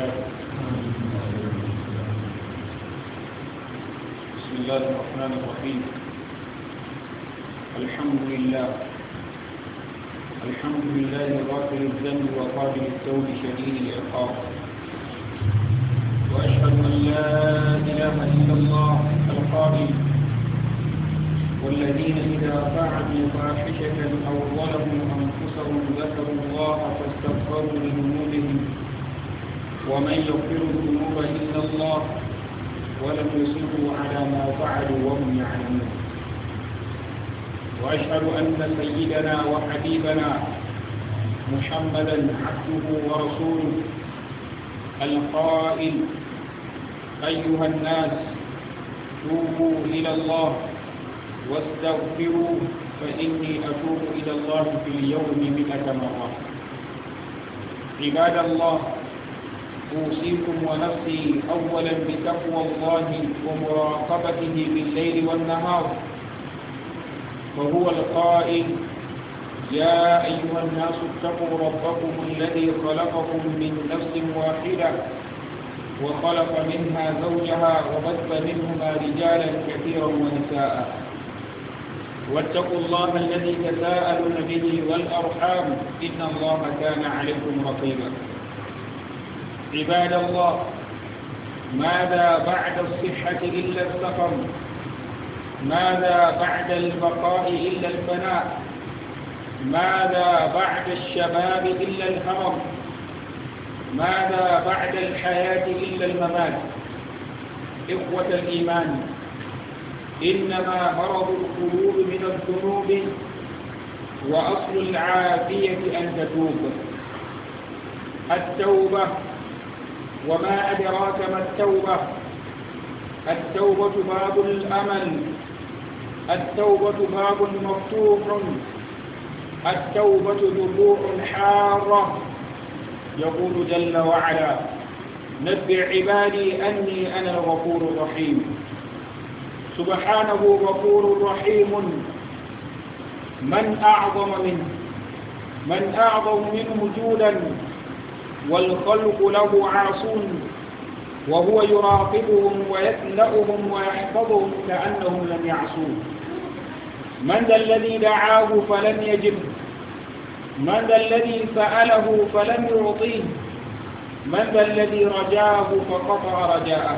بسم الله الرحمن الرحيم الحمد لله الحمد لله غافل الذنب وقابل التوب شديد العقاب واشهد ان لا اله الا الله القائل والذين إذا فعلوا فاحشة أو ظلموا أنفسهم ذكروا الله فاستغفروا لذنوبهم ومن يغفر الذنوب إلا الله ولم يصبوا على ما فعلوا وهم يعلمون وأشهد أن سيدنا وحبيبنا محمدا عبده ورسوله القائل أيها الناس توبوا إلى الله واستغفروا فإني أتوب إلى الله في اليوم مئة مرة عباد الله أوصيكم ونفسي أولا بتقوى الله ومراقبته بالليل والنهار وهو القائل يا أيها الناس اتقوا ربكم الذي خلقكم من نفس واحدة وخلق منها زوجها وبث منهما رجالا كثيرا ونساء واتقوا الله الذي تساءلون به والأرحام إن الله كان عليكم رقيبا عباد الله ماذا بعد الصحة إلا السفر ماذا بعد البقاء إلا الفناء ماذا بعد الشباب إلا الهرم ماذا بعد الحياة إلا الممات إخوة الإيمان إنما مرض القلوب من الذنوب وأصل العافية أن تتوب التوبة وما أدراك ما التوبة التوبة باب الأمل التوبة باب مفتوح التوبة ذبوع حارة يقول جل وعلا نبع عبادي أني أنا الغفور الرحيم سبحانه غفور رحيم من أعظم منه من أعظم منه جودا والخلق له عاصون وهو يراقبهم ويتلأهم ويحفظهم كأنهم لم يعصوه من ذا الذي دعاه فلم يجب من ذا الذي سأله فلم يعطيه من ذا الذي رجاه فقطع رجاءه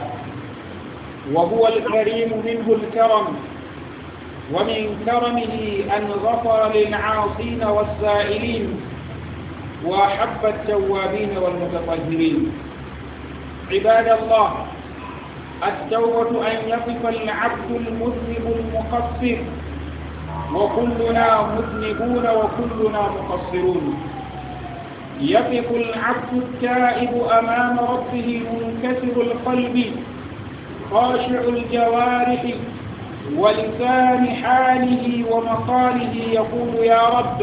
وهو الكريم منه الكرم ومن كرمه أن غفر للعاصين والسائلين وأحب التوابين والمتطهرين عباد الله التوبة أن يقف العبد المذنب المقصر وكلنا مذنبون وكلنا مقصرون يقف العبد التائب أمام ربه منكسر القلب خاشع الجوارح ولسان حاله ومقاله يقول يا رب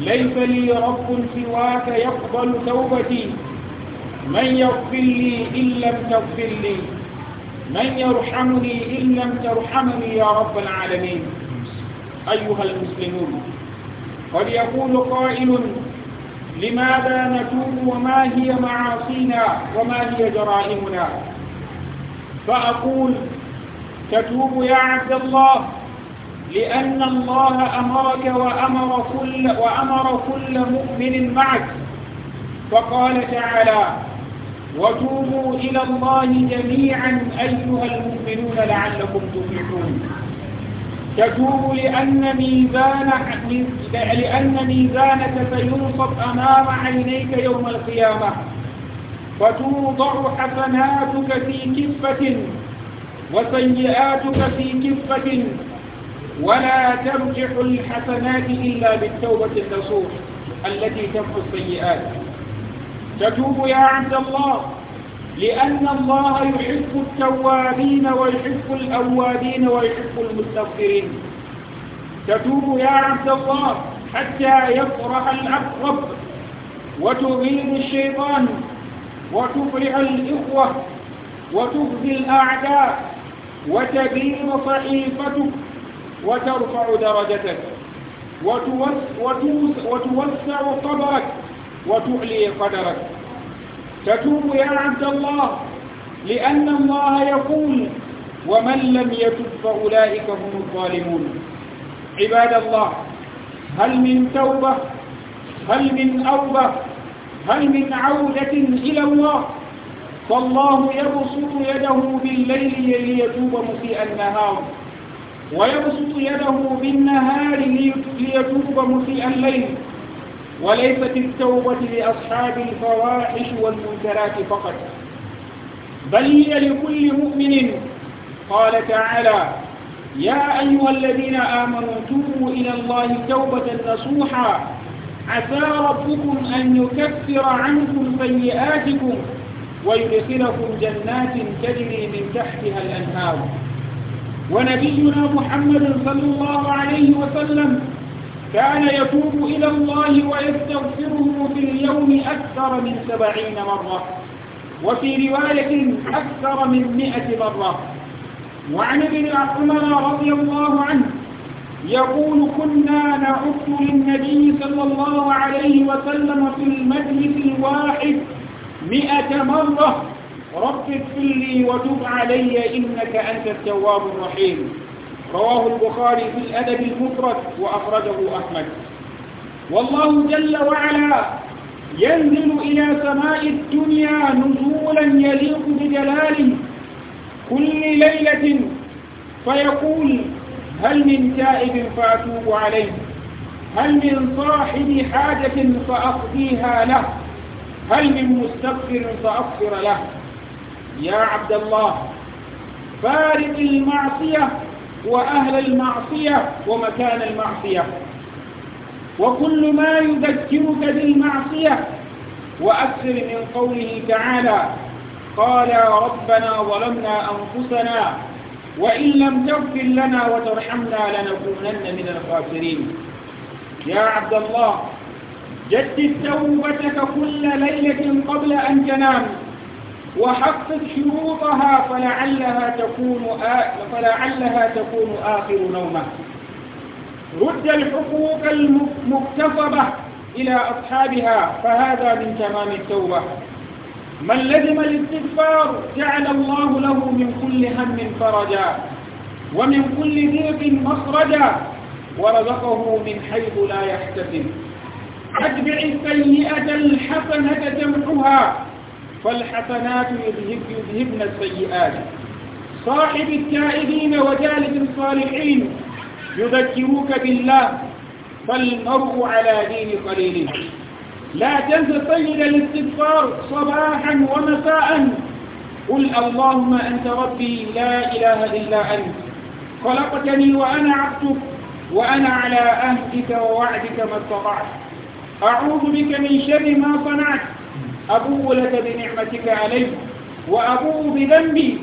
ليس لي رب سواك يقبل توبتي من يغفر لي إن لم تغفر لي من يرحمني إن لم ترحمني يا رب العالمين أيها المسلمون قد يقول قائل لماذا نتوب وما هي معاصينا وما هي جرائمنا فأقول تتوب يا عبد الله لأن الله أمرك وأمر كل, وأمر كل مؤمن معك فقال تعالى وتوبوا إلى الله جميعا أيها المؤمنون لعلكم تفلحون تتوب لأن ميزان لأن ميزانك سينصب أمام عينيك يوم القيامة فتوضع حسناتك في كفة وسيئاتك في كفة ولا تمجح الحسنات إلا بالتوبة النصوح التي تمحو السيئات تتوب يا عبد الله لأن الله يحب التوابين ويحب الأوابين ويحب المستغفرين تتوب يا عبد الله حتى يفرح الأقرب وتغيب الشيطان وتفرح الإخوة وتغذي الأعداء وتبين صحيفتك وترفع درجتك وتوسع قبرك وتعلي قدرك تتوب يا عبد الله لأن الله يقول ومن لم يتب فأولئك هم الظالمون عباد الله هل من توبة هل من أوبة هل من عودة إلى الله فالله يبسط يده بالليل ليتوب مسيء النهار ويبسط يده بالنهار ليتوب مسيء الليل وليست التوبة لأصحاب الفواحش والمنكرات فقط بل هي لكل مؤمن قال تعالى يا أيها الذين آمنوا توبوا إلى الله توبة نصوحا عسى ربكم أن يكفر عنكم سيئاتكم ويدخلكم جنات تجري من تحتها الأنهار ونبينا محمد صلى الله عليه وسلم كان يتوب إلى الله ويستغفره في اليوم أكثر من سبعين مرة وفي رواية أكثر من مئة مرة وعن ابن عمر رضي الله عنه يقول كنا نعط للنبي صلى الله عليه وسلم في المجلس الواحد مئة مرة رب اغفر لي وتب علي إنك أنت التواب الرحيم رواه البخاري في الأدب المفرد وأخرجه أحمد والله جل وعلا ينزل إلى سماء الدنيا نزولا يليق بجلاله كل ليلة فيقول هل من تائب فأتوب عليه هل من صاحب حاجة فأقضيها له هل من مستغفر فأغفر له يا عبد الله فارق المعصية وأهل المعصية ومكان المعصية وكل ما يذكرك بالمعصية وأكثر من قوله تعالى قال ربنا ظلمنا أنفسنا وإن لم تغفر لنا وترحمنا لنكونن من الخاسرين يا عبد الله جدد توبتك كل ليلة قبل أن تنام وحقق شروطها فلعلها تكون فلعلها تكون آخر نومه رد الحقوق المكتسبة إلى أصحابها فهذا من تمام التوبة من لزم الاستغفار جعل الله له من كل هم فرجا ومن كل ضيق مخرجا ورزقه من حيث لا يحتسب أتبع السيئة الحسنة تمحها فالحسنات يذهبن السيئات صاحب التائبين وجالب الصالحين يذكروك بالله فالمرء على دين قليله لا تنس سيد الاستغفار صباحا ومساء قل اللهم أنت ربي لا إله إلا أنت خلقتني وأنا عبدك وأنا على أهدك ووعدك ما استطعت أعوذ بك من شر ما صنعت أبو لك بنعمتك علي وأبو بذنبي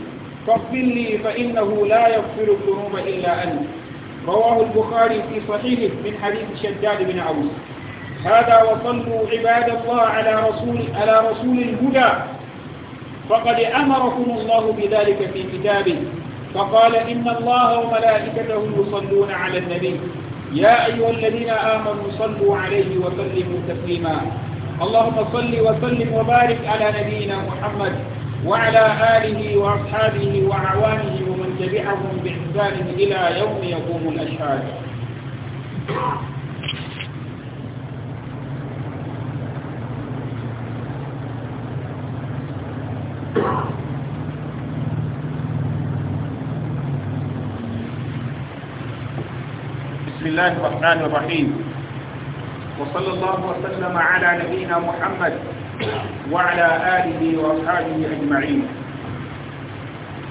فاغفر لي فإنه لا يغفر الذنوب إلا أنت رواه البخاري في صحيحه من حديث شداد بن عوس هذا وصلوا عباد الله على رسول على رسول الهدى فقد أمركم الله بذلك في كتابه فقال إن الله وملائكته يصلون على النبي يا أيها الذين آمنوا صلوا عليه وسلموا تسليما اللهم صل وسلم وبارك على نبينا محمد وعلى آله وأصحابه وأعوانه ومن تبعهم بإحسان إلى يوم يقوم الأشهاد بسم الله الرحمن الرحيم وصلى الله وسلم على نبينا محمد وعلى آله وأصحابه أجمعين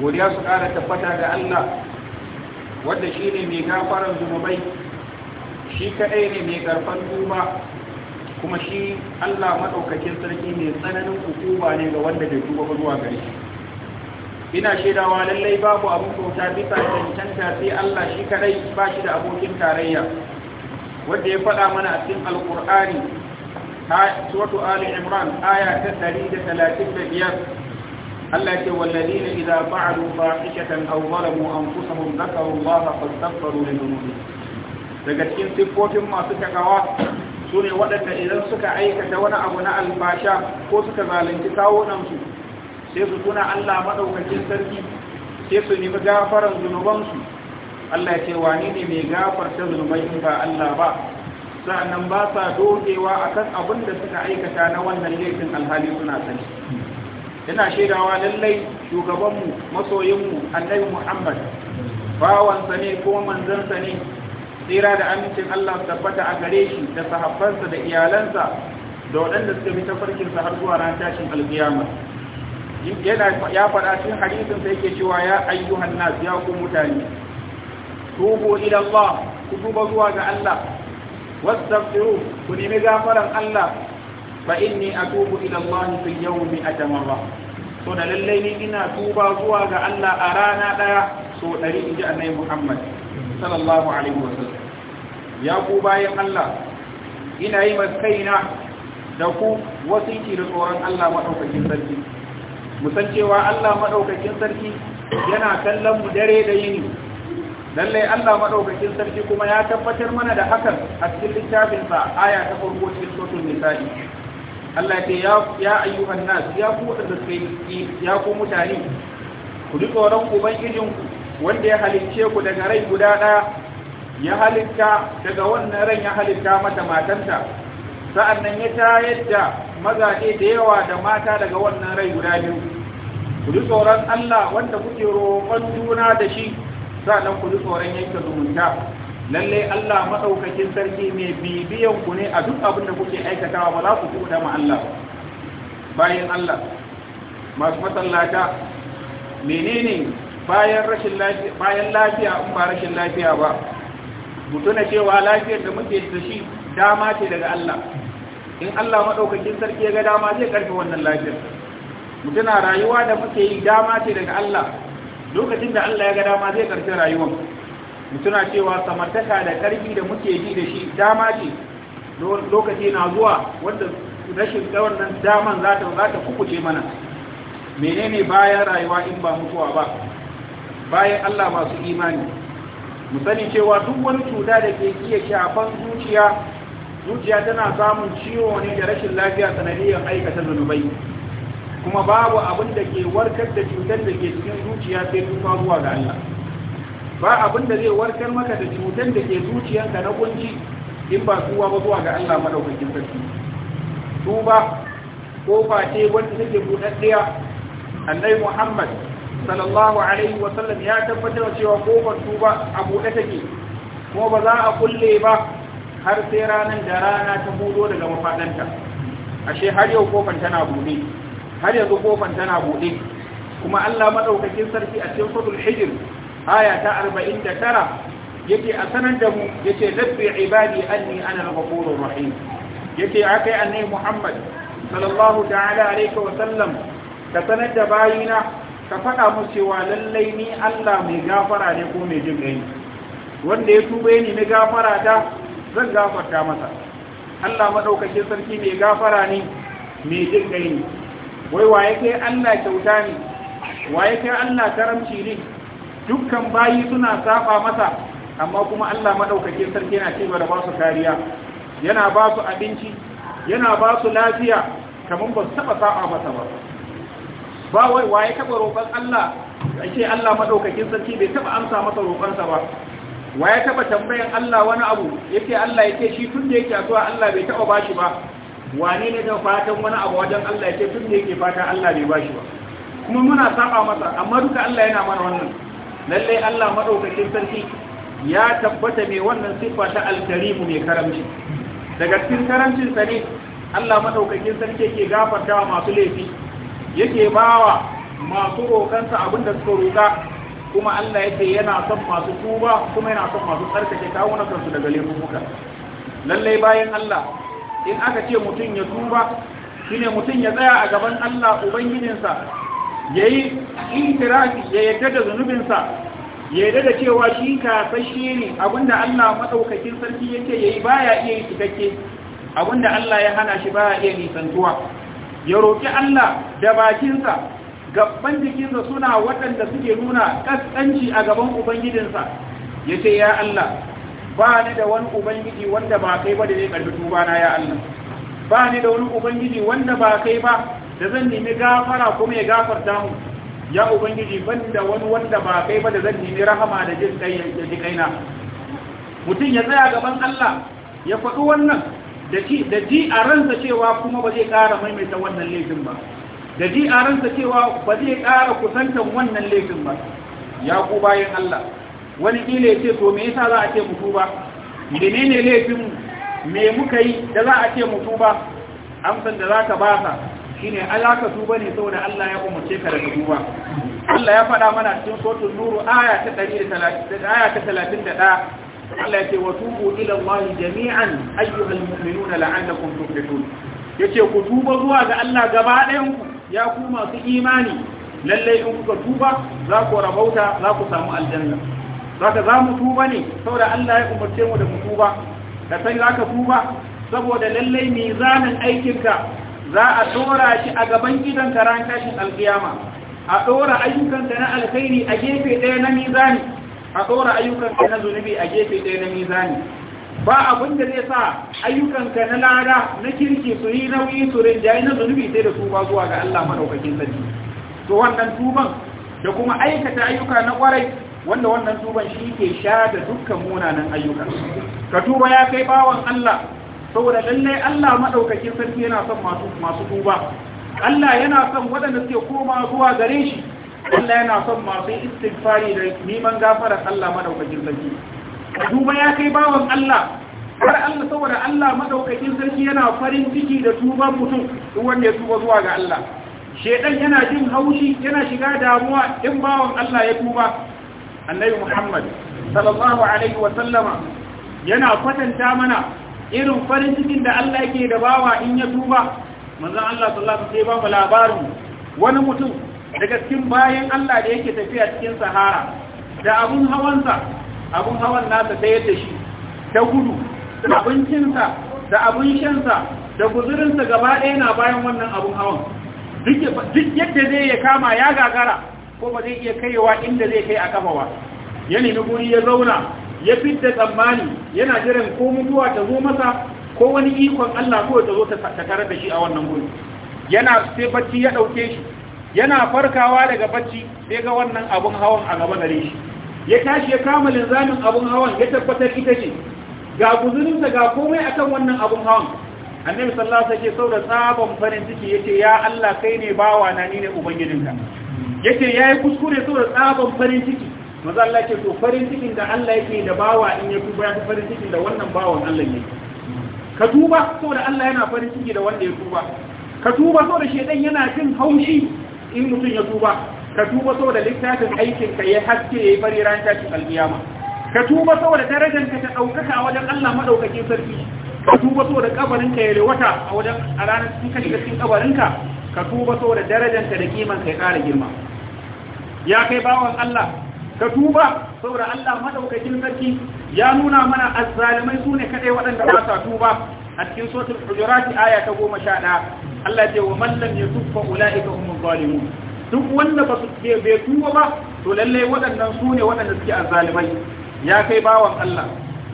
godiya su ƙara tabbata ga Allah wanda shi ne mai gafaran zunubai shi kaɗai ne mai ƙarfan duba kuma shi Allah maɗaukakin sarki mai tsananin hukuma ne ga wanda bai duba ba zuwa gare ina shaidawa lallai babu abin kyauta bisa cancanta sai Allah shi kaɗai ba shi da abokin tarayya wanda ya faɗa mana a cikin alkur'ani suratu ali imran aya ta 135 التي والذين an فعلوا فاحشة أو ظلموا أنفسهم ذكروا الله da لذنوبهم daga cikin siffofin masu takawa su ne waɗanda idan suka aikata wani abu na albasha ko suka zalunci kawunansu sai su tuna Allah maɗaukakin sarki sai su nemi gafaran zunubansu Allah ce wani ne mai gafarta zunubai in ba Allah ba sa'annan ba sa dogewa akan abin da suka aikata na wannan laifin alhali suna sani ina shaidawa lallai shugabanmu masoyinmu annabi Muhammad bawansa ne ko manzansa ne tsira da amincin Allah tabbata a gare shi da sahabbansa da iyalansa da waɗanda suka bi tafarkinsa har zuwa ran tashin alkiyama yana ya faɗa cikin hadisin sai yake cewa ya ayyuhan nas ya ku mutane tubu ila Allah ku tuba zuwa ga Allah wastaghfiru ku nemi gafaran Allah fa inni atubu ila Allah fi yawmi atamarra to da lallai ni ina tuba zuwa ga Allah a rana daya so 100 inji annabi Muhammad sallallahu alaihi wasallam ya ku bayan Allah ina yi maskaina da ku wasiki da tsoron Allah maɗaukakin sarki musan cewa Allah maɗaukakin sarki yana kallon mu dare da yini lallai Allah madaukakin sarki kuma ya tabbatar mana da hakan a cikin littafin sa aya ta farko cikin suratul nisa'i Allah ce ya ya ayyuhan nas ya ku da sai ya ku mutane ku duk tsoron ubangijin ku wanda ya halicce ku daga rai guda daya ya halitta daga wannan ran ya halitta mata matanta sa'annan ya tayar da mazaje da yawa da mata daga wannan rai guda biyu ku duk tsoron Allah wanda kuke roƙon juna da shi Sa nan ku tsoron yanke zumunta lalle Allah madaukakin sarki mai bibiyan ku ne a duk abin da kuke aikatawa ba za ku kuɗa ma Allah bayan Allah masu masallata menene bayan rashin lafiya bayan lafiya in ba rashin lafiya ba mutuna cewa lafiyar da muke da shi dama ce daga Allah in Allah madaukakin sarki ya ga dama zai karfi wannan lafiyar mutuna rayuwa da muke yi dama ce daga Allah lokacin da Allah ya ga dama zai karshe rayuwar mutuna cewa samartaka da karfi da muke ji da shi dama ce lokaci na zuwa wanda rashin tsawon nan daman za ta za ta kukuce mana menene bayan rayuwa in ba mutuwa ba bayan Allah masu imani mu sani cewa duk wani cuta da ke iya shafan zuciya zuciya tana samun ciwo ne da rashin lafiya sanadiyar aikata zunubai kuma babu abin da ke warkar da cutar da ke cikin zuciya sai tuba zuwa ga Allah ba abin da zai warkar maka da cutar da ke zuciyanka na kunci in ba tuba ba zuwa ga Allah madaukakin sarki tuba kofa ce wanda take buɗaɗɗiya annabi Muhammad sallallahu alaihi wa sallam ya tabbatar cewa kofar tuba a buɗe take kuma ba za a kulle ba har sai ranar da rana ta budo daga mafaɗanta ashe har yau kofar tana buɗe har yanzu kofan tana buɗe kuma Allah madaukakin sarki a cikin suratul hijr aya ta 49 yake a sanar da mu yace labbi ibadi anni ana al-ghafurur rahim yake akai annabi Muhammad sallallahu ta'ala alaihi wa sallam ka sanar da bayina ka faɗa mu cewa lallai ni Allah mai gafara ne ko mai jin gai wanda ya tuba ni na gafara ta zan gafarta masa Allah madaukakin sarki mai gafara ne mai jin gai ne wai waye kai Allah kyauta ne waye kai Allah karamci ne dukkan bayi suna safa masa amma kuma Allah madaukakin sarki yana cewa da ba su kariya yana ba su abinci yana ba su lafiya kamar ba su taba saba masa ba ba wai waye taba roƙon Allah ake Allah madaukakin sarki bai taba amsa masa roƙonsa ba waye taba tambayan Allah wani abu yake Allah yake shi tun da yake addu'a Allah bai taba bashi ba Wanene ne da fatan wani abu wajen Allah yake tun da yake fata Allah bai bashi ba kuma muna saba masa amma duka Allah yana mana wannan Lallai Allah madaukakin sarki ya tabbata mai wannan siffa ta alkarimu mai karamci daga cikin karamcin sa ne Allah madaukakin sarki yake gafartawa masu laifi yake bawa masu rokansa abinda suka roka kuma Allah yake yana son masu tuba kuma yana son masu tsarkake kawunan kansu daga laifuka lallai bayan Allah in aka ce mutum ya tuba ne mutum ya tsaya a gaban Allah ubangijinsa yayi itirafi ya yadda da zunubinsa ya yadda da cewa shi ka kasashe ne abinda Allah maɗaukakin sarki yake ba ya iya yi cikakke abinda Allah ya hana shi ba ya iya nisantuwa ya roƙi Allah da bakinsa gaban jikinsa suna waɗanda suke nuna ƙasƙanci a gaban ya ce ya Allah ba ni da wani ubangiji wanda ba kai ba da zai karbi tuba na ya Allah ba ni da wani ubangiji wanda ba kai ba da zan nemi gafara kuma ya gafarta mu ya ubangiji ban da wani wanda ba kai ba da zan nemi rahama da jin kai da ji kaina mutum ya tsaya gaban Allah ya faɗi wannan da ji da ji a ransa cewa kuma ba zai ƙara maimaita wannan laifin ba da ji a ransa cewa ba zai ƙara kusantan wannan laifin ba ya ku bayan Allah wani kila ya ce to me yasa za a ce mu tuba menene laifin me muka yi da za a ce mu tuba amsan da zaka ba ka shine Allah ka tuba ne saboda Allah ya umarce ka da tuba Allah ya faɗa mana cikin suratul nuru aya ta 130 aya ta 31 Allah ya ce wa tubu ila Allah jami'an ayyuhal mu'minuna la'allakum tuflihun yace ku tuba zuwa ga Allah gaba ɗayan ku ya ku masu imani lallai in kuka tuba za ku rabauta za ku samu aljanna zaka za mu tuba ne saboda Allah ya umarce mu da mu tuba ka sai zaka tuba saboda lalle mizanin aikinka za a dora shi a gaban gidan ran kashi alkiyama a dora ka na alkhairi a gefe ɗaya na mizani a dora ka na zunubi a gefe ɗaya na mizani ba abin da zai sa ayyukan ka na lada na kirki su yi nauyi su rinjaye na zunubi sai da tuba zuwa ga Allah madaukakin sarki to wannan tuban da kuma aikata ayyuka na kwarai wanda wannan tuban shi ke sha da dukkan munanan ayyuka ka tuba ya kai bawan Allah saboda lallai Allah madaukakin sarki yana son masu masu tuba Allah yana son waɗanda suke koma zuwa gare shi Allah yana son masu istighfari da neman gafarar Allah madaukakin sarki ka tuba ya kai bawan Allah har Allah saboda Allah madaukakin sarki yana farin ciki da tuban mutum duk wanda ya tuba zuwa ga Allah shedan yana jin haushi yana shiga damuwa in bawan Allah ya tuba annabi Muhammad sallallahu alaihi wa sallama yana kwatanta mana irin farin cikin da Allah yake da bawa in ya tuba manzon Allah sallallahu alaihi wa sallam ba labarin wani mutum daga cikin bayan Allah da yake tafiya cikin sahara da abun hawansa abun hawan nasa da yadda shi ta gudu abincinsa da abun shansa da guzurinsa gaba ɗaya na bayan wannan abun hawan duk yadda zai ya kama ya gagara ko ba zai iya kaiwa inda zai kai a kafa ba ya nemi guri ya zauna ya fidda tsammani yana jiran ko mutuwa ta zo masa ko wani ikon Allah ko ta zo ta tare da shi a wannan guri yana sai bacci ya dauke shi yana farkawa daga bacci sai ga wannan abun hawan a gaba gare shi ya tashi ya kama linzamin abun hawan ya tabbatar ita ce ga guzurinsa ga komai akan wannan abun hawan annabi sallallahu alaihi wasallam saboda sabon farin ciki yace ya Allah kai ne bawa na ni ne ubangijinka yake yi kuskure saboda tsaban farin ciki maza Allah ke so farin cikin da Allah yake da bawa in ya tuba ya fi farin cikin da wannan bawan Allah yake ka tuba saboda Allah yana farin ciki da wanda ya tuba ka tuba saboda shedan yana jin haushi in mutum ya tuba ka tuba saboda littafin aikin ka ya haske ya yi fari ran tashin alkiyama ka tuba saboda darajar ka ta daukaka a wajen Allah madaukakin sarki ka tuba saboda kabarin ka ya rewata a wajen a ranar cikin cikin kabarin ka ka tuba saboda darajar ka da kiman ka ya kara girma ya kai bawan Allah ka tuba saboda Allah madaukakin sarki ya nuna mana azzalimai su ne kadai waɗanda ba sa tuba a cikin suratul hujurat aya ta goma 11 Allah ce wa man lam yatub fa ulaika humuz zalimun duk wanda ba su bai tuba ba to lalle waɗannan su ne waɗanda suke azzalimai ya kai bawan Allah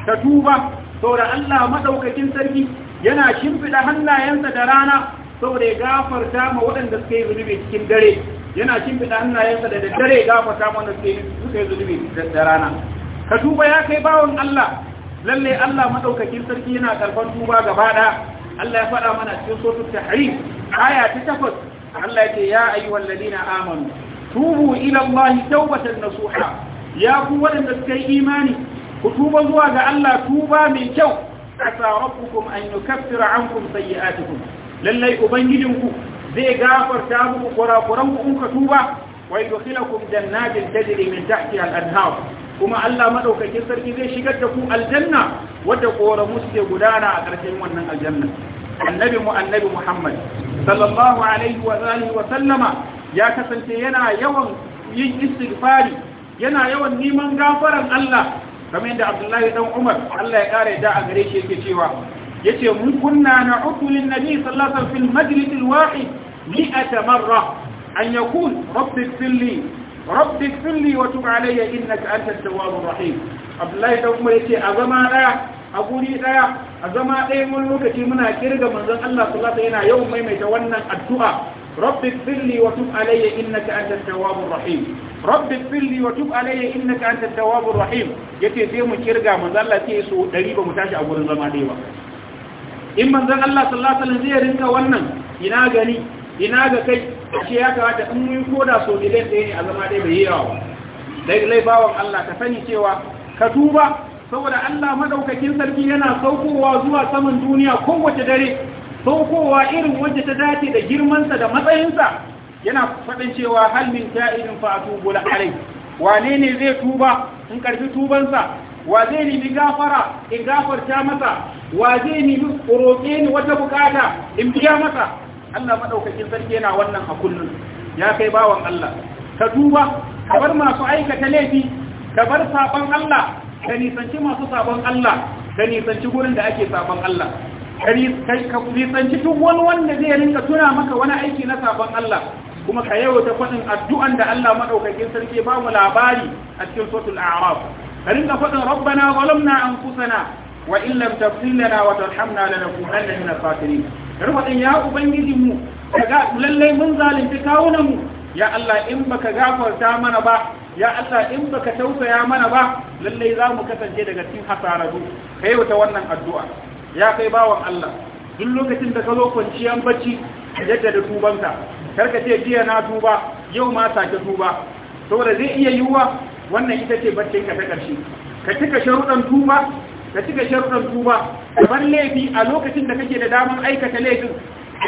ka tuba saboda Allah madaukakin sarki yana shimfida hannayensa da rana saboda ya gafarta ma waɗanda suke yi zunubi cikin dare yana kimfida hannayensa da daddare gafata mana sai suka yi zunubi da rana ka tuba ya kai bawon Allah lalle Allah madaukakin sarki yana karban tuba gaba da Allah ya faɗa mana cikin ta tahrim aya ta tafas. Allah ya ce ya ayyuhal ladina amanu tubu ila Allah tawbatan nasuha ya ku waɗanda suka yi imani ku tuba zuwa ga Allah tuba mai kyau asa rabbukum an yukaffira ankum sayyi'atikum lalle ubangijinku zai gafarta muku kurakuran ku in ka tuba wa yudkhilukum jannatin tajri min tahtiha al-anhar kuma Allah madaukakin sarki zai shigar da ku aljanna wadda koramu suke gudana a ƙarshen wannan aljanna annabi mu annabi Muhammad sallallahu alaihi wa alihi wa sallama ya kasance yana yawan yin istighfari yana yawan neman gafaran Allah kamar yadda Abdullahi dan Umar Allah ya kare da a gare shi yake cewa yace mun kunna na ukulin nabi sallallahu alaihi wa sallam fil majlis al wahid مئة مرة أن يقول رب اغفر لي رب اغفر لي وتب علي إنك أنت التواب الرحيم عبد الله بن عمر يتي أزما لا أقولي لا أزما لا من لوكتي منا كيرغا منزل الله صلى الله عليه يوم ما يتوانا الدعاء رب اغفر لي وتب علي إنك أنت التواب الرحيم رب اغفر لي وتب علي إنك أنت التواب الرحيم يتي زي مو كيرغا منزل الله تي سو دريبا متاشي أقول زما ديوا in manzon Allah sallallahu alaihi wasallam zai rinka wannan ina gani ina ga kai ce ya kamata in mun koda so miliyan ɗaya ne a zama dai bai yawa dai laifawan Allah ka sani cewa ka tuba saboda Allah madaukakin sarki yana saukowa zuwa saman duniya kowace dare saukowa irin wacce ta dace da girmansa da matsayinsa yana faɗin cewa hal min ta'irin fa atubu alai wane ne zai tuba in karfi tubansa wa zai ni gafara in gafarta masa wa zai ni roƙe ni wata bukata in biya masa Allah maɗaukakin sarki yana wannan a kullum ya kai bawan Allah ka duba ka bar masu aikata laifi ka bar sabon Allah ka nisanci masu sabon Allah ka nisanci gurin da ake sabon Allah ka nisanci duk wani wanda zai rinka tuna maka wani aiki na sabon Allah kuma ka yawaita faɗin addu'an da Allah maɗaukakin sarki ba mu labari a cikin suratul a'raf ka rinka faɗin rabbana zalamna anfusana wa in lam taghfir lana wa tarhamna lanakunanna minal khasirin ɗin ya ubangijinmu kaga lallai mun zalunci kawunanmu ya Allah in baka gafarta mana ba ya Allah in baka tausaya mana ba lallai za mu kasance daga cikin hasararru kai wata wannan addu'a ya kai bawan Allah duk lokacin da ka zo kwanciyar bacci yadda da tubanka karka ce jiya na tuba yau ma sake tuba saboda zai iya yiwuwa wannan ita ce baccin ka ta ƙarshe ka cika sharuɗan tuba ka cika sharuɗan tuba kamar laifi a lokacin da kake da damar aikata laifin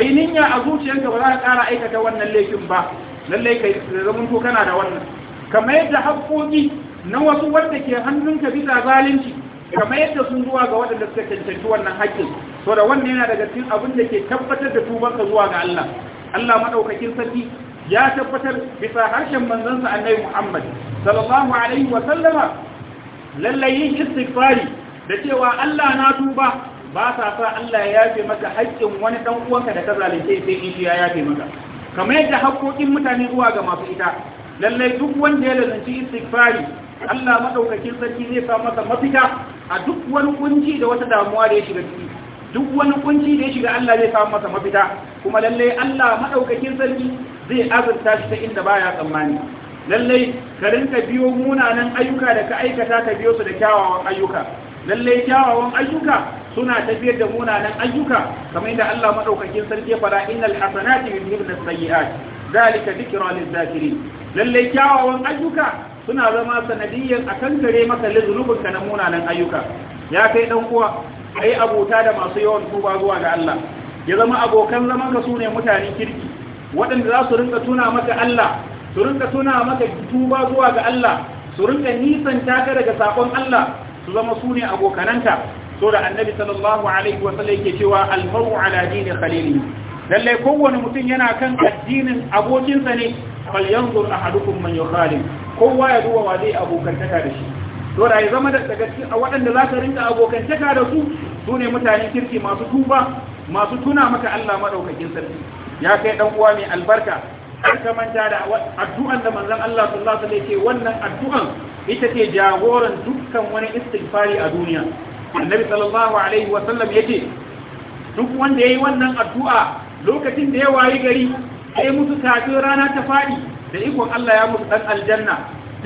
ainihin niyya a zuciyarka ba za ka ƙara aikata wannan laifin ba lallai ka zaman to kana da wannan kamar yadda haƙoƙi na wasu wanda ke hannunka bisa zalunci kamar yadda sun zuwa ga waɗanda suka cancanci wannan haƙƙin so da wannan yana daga cikin abin da ke tabbatar da tubanka zuwa ga Allah Allah madaukakin sarki ya tabbatar bisa harshen manzansa annabi Muhammad sallallahu alaihi wa sallama lallai yin istighfari da cewa Allah na duba ba sa sa Allah ya yafe maka haƙƙin wani ɗan uwanka da ka zalunce sai in shi ya yafe maka kamar yadda haƙƙoƙin mutane zuwa ga masu ita lallai duk wanda ya lalunci istighfari Allah madaukakin sarki zai sa masa mafita a duk wani kunci da wata damuwa da ya shiga ciki duk wani kunci da ya shiga Allah zai sa masa mafita kuma lallai Allah madaukakin sarki zai azurta shi ta inda baya tsammani Lallai ka rinka biyo munanan ayyuka da ka aikata ka biyo su da kyawawan ayyuka lallai kyawawan ayyuka suna tafiyar da munanan ayyuka kamar yadda Allah madaukakin sarki ya fara innal hasanati yudhibna sayyi'at zalika dhikra lizzakirin lallai kyawawan ayyuka suna zama sanadiyyan akan gare maka lizunubinka na munanan ayyuka ya kai dan uwa kai abota da masu yawan tuba zuwa ga Allah ya zama abokan zaman ka sune mutane kirki waɗanda za su rinka tuna maka Allah su rinka tuna maka tuba zuwa ga Allah su rinka nisan taka daga sakon Allah su zama su ne abokananta so da annabi sallallahu alaihi wasallam yake cewa almaru ala dini khalili lallai kowane mutum yana kan addinin abokinsa ne fal yanzur ahadukum man yukhalif kowa ya duba wa zai abokantaka da shi to da ya zama da daga cikin waɗanda za ka rinka abokantaka da su su ne mutanen kirki masu tuba masu tuna maka Allah madaukakin sarki ya kai dan uwa mai albarka an ta manta da addu'an da manzon Allah sallallahu alaihi wasallam wannan addu'an ita ce jagoran dukkan wani istighfari a duniya annabi sallallahu alaihi wasallam yace duk wanda yayi wannan addu'a lokacin da ya wayi gari sai musu kafin rana ta fadi da ikon Allah ya musu dan aljanna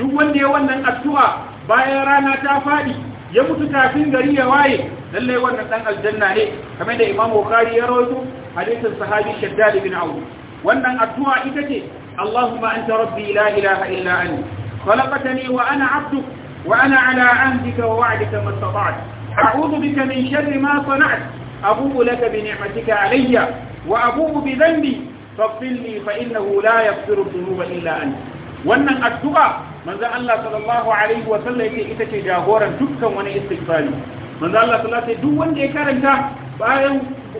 duk wanda ya wannan addu'a bayan rana ta fadi ya mutu kafin gari ya waye lallai wannan dan aljanna ne kamar da Imamu Bukhari ya rawaito hadisin sahabi Shaddad bin Auf wannan addu'a ita ce Allahumma anta rabbi la ilaha illa anta khalaqtani wa ana 'abduk wa ana 'ala 'ahdika wa wa'dika mastata'tu a'udhu bika min sharri ma sana'tu abu'u laka bi ni'matika 'alayya wa abu'u bi dhanbi faghfir li fa innahu la yaghfiru dhunuba illa anta wannan addu'a manzon Allah sallallahu alaihi wa sallam yake ita ce jagoran dukkan wani istighfari manzon Allah sallallahu alaihi duk wanda ya karanta bayan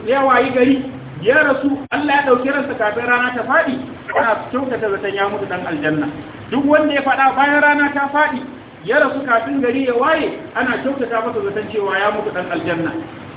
ya wayi gari ya rasu Allah ya ɗauki ransa kafin rana ta faɗi? ana kyautata zaton ya mutu dan aljanna duk wanda ya faɗa bayan rana ta faɗi? ya rasu kafin gari ya waye ana kyautata masa zaton cewa ya mutu dan aljanna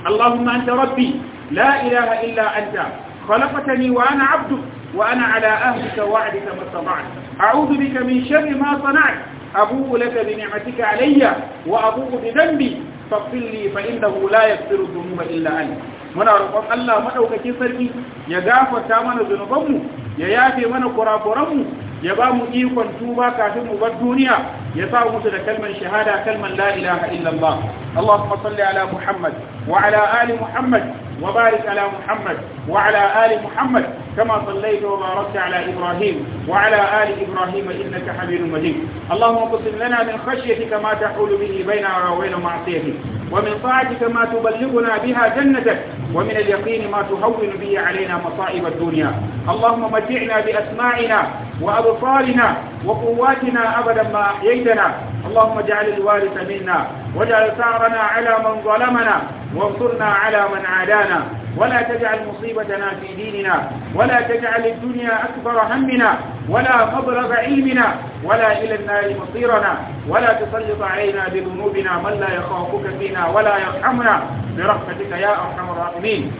Allahumma anta rabbi la ilaha illa anta khalaqtani wa ana abdu wa ana ala ahdika wa'dika mastata'a a'udhu bika min sharri ma laka bi ni'matika alayya wa abu bi dhanbi faghfir li fa innahu la yaghfiru illa anta muna roƙon Allah madaukakin sarki ya gafarta mana zunubanmu ya yafe mana kurakuranmu ya ba mu ikon tuba kafin mu bar duniya ya sa mutu da kalmar shahada kalmar la ilaha illallah Allahumma salli ala Muhammad wa ala ali Muhammad wa barik ala Muhammad wa ala ali Muhammad kama sallaita wa barakta ala Ibrahim wa ala ali Ibrahim innaka Hamidum Majid Allahumma qsim lana min khashyatika ma tahulu bihi bainana wa bain ma'siyatik wa min ta'atika ma tuballighuna biha jannatak wa min al-yaqin ma tuhawwinu bihi علينا مصائب الدنيا اللهم متعنا بأسماعنا وأبصارنا وقواتنا أبدا ما أحييتنا اللهم اجعل الوارث منا واجعل ثارنا على من ظلمنا وانصرنا على من عادانا ولا تجعل مصيبتنا في ديننا ولا تجعل الدنيا أكبر همنا ولا مبلغ علمنا ولا إلى النار مصيرنا ولا تسلط علينا بذنوبنا من لا يخافك فينا ولا يرحمنا برحمتك يا أرحم الراحمين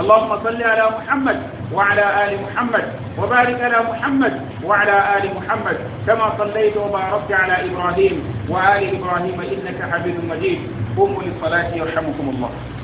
اللهم صل على محمد وعلى آل محمد وبارك على محمد وعلى آل محمد كما صليت وباركت على إبراهيم وآل إبراهيم إنك حميد مجيد قوموا للصلاة يرحمكم الله